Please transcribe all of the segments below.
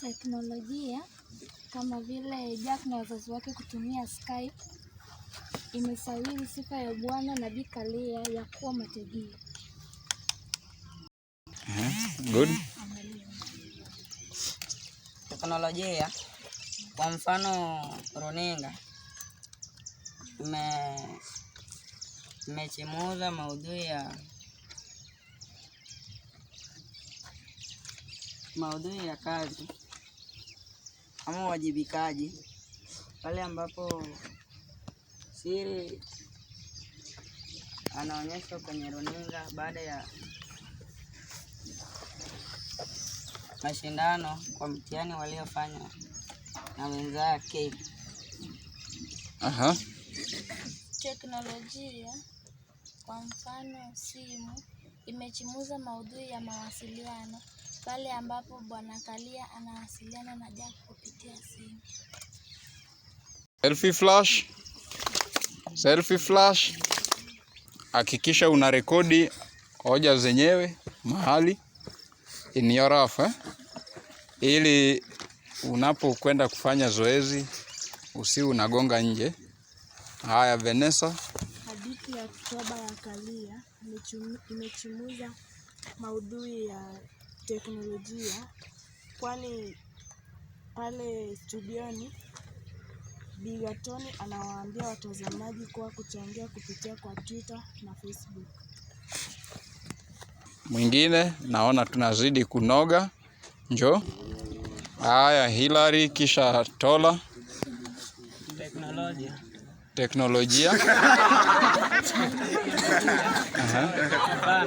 teknolojia kama vile Jack na wazazi wake kutumia Skype imesawiri sifa ya Bwana Nabii Kalia ya kuwa matajiri. Hmm, good. Teknolojia kwa mfano runinga mechimuza maudhui ya maudhui ya kazi ama uwajibikaji pale ambapo siri anaonyeshwa kwenye runinga baada ya mashindano kwa mtihani waliofanya na wenzake. Aha. Teknolojia kwa mfano simu imechimuza maudhui ya mawasiliano pale ambapo Bwana Kalia anawasiliana na Jack kupitia simu. Selfie flash. Selfie flash. Hakikisha una rekodi hoja zenyewe mahali in your off, eh? Ili unapokwenda kufanya zoezi usi unagonga nje. Haya, Vanessa. Hadithi ya Toba ya Kalia imechimuza maudhui ya teknolojia kwani pale studioni Bigatoni anawaambia watazamaji kuwa kuchangia kupitia kwa Twitter na Facebook. Mwingine naona tunazidi kunoga, njo haya Hillary, kisha Tola teknolojia, teknolojia. uh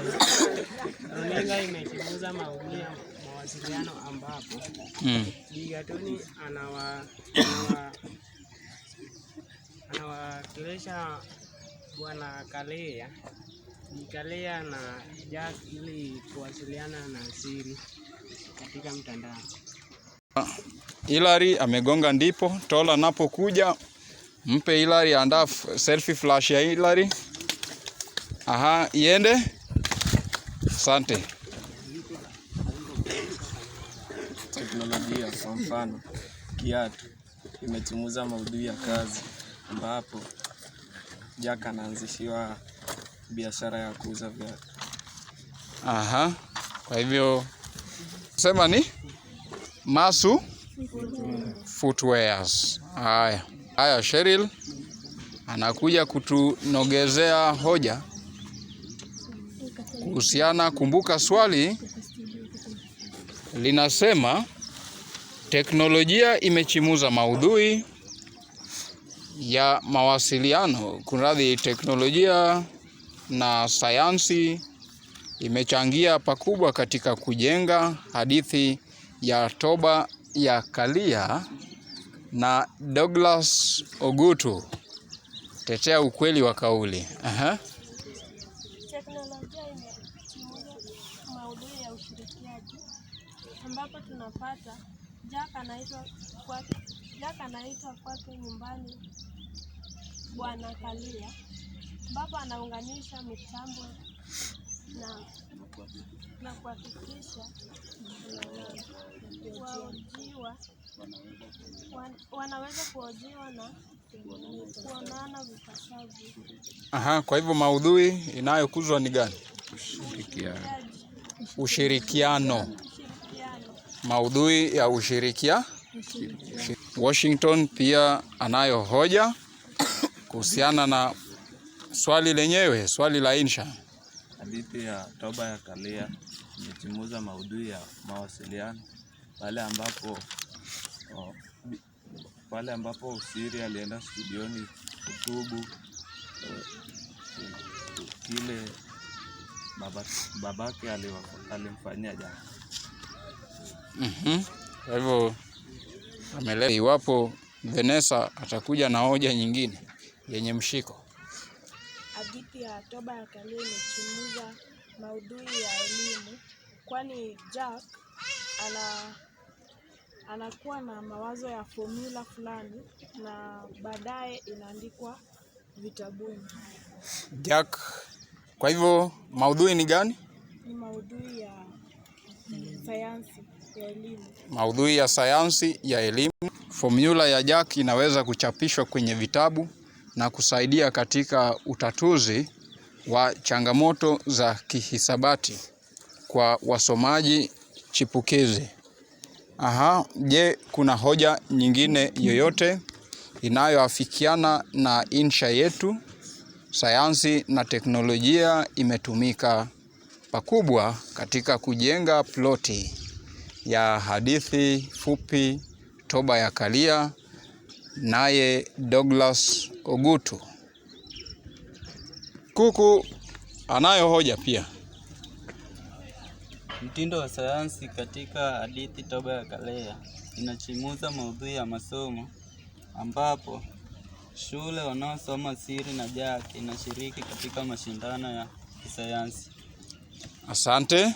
-huh runinga imechunguza maumia ya mawasiliano ambapo hmm. Bigatoni anawa anawakilisha bwana Kalea Kalea na Jack ili kuwasiliana na siri katika mtandao. Hilary amegonga ndipo Tola anapokuja, mpe Hilary, andaa selfie flash ya Hilary. Aha, iende. Asante. Teknolojia kwa mfano kiatu imechumuza maudhui ya kazi, ambapo Jack anaanzishiwa biashara ya kuuza viatu. Aha, kwa hivyo sema ni Masu Footwears. Haya haya, Sheryl anakuja kutunogezea hoja kuhusiana. Kumbuka swali linasema teknolojia imechimuza maudhui ya mawasiliano. Kunradhi, teknolojia na sayansi imechangia pakubwa katika kujenga hadithi ya Toba ya Kalia na Douglas Ogutu, tetea ukweli wa kauli. Aha. tunapata Jack anaitwa kwake Jack anaitwa kwake nyumbani Bwana Kalia, ambapo anaunganisha mitambo na na kuhakikisha kuojiwa wanaweza kuojiwa na kuonana vipasavyo. Aha, kwa hivyo maudhui inayokuzwa ni gani? Ushirikiano. Ushirikiano maudhui ya ushirikia. Washington pia anayo hoja kuhusiana na swali lenyewe, swali la insha. Hadithi ya toba ya Kalia imechimuza maudhui ya mawasiliano pale ambapo pale ambapo Usiri alienda studioni kutubu kile babake alimfanyia jana. Mhm. Kwa hivyo amelewa. Iwapo Venesa atakuja na hoja nyingine yenye mshiko, hadithi ya toba ya Kalio imechunguza maudhui ya elimu, kwani Jack ana anakuwa na mawazo ya fomula fulani na baadaye inaandikwa vitabuni Jack. Kwa hivyo maudhui ni gani? Ni maudhui ya sayansi maudhui ya sayansi ya elimu. Fomula ya Jack inaweza kuchapishwa kwenye vitabu na kusaidia katika utatuzi wa changamoto za kihisabati kwa wasomaji chipukizi. Aha, je, kuna hoja nyingine yoyote inayoafikiana na insha yetu? Sayansi na teknolojia imetumika pakubwa katika kujenga ploti ya hadithi fupi Toba ya Kalia, naye Douglas Ogutu. Kuku anayo hoja pia. Mtindo wa sayansi katika hadithi Toba ya Kalia inachimuza maudhui ya masomo ambapo shule wanaosoma siri na jaki inashiriki katika mashindano ya kisayansi. Asante.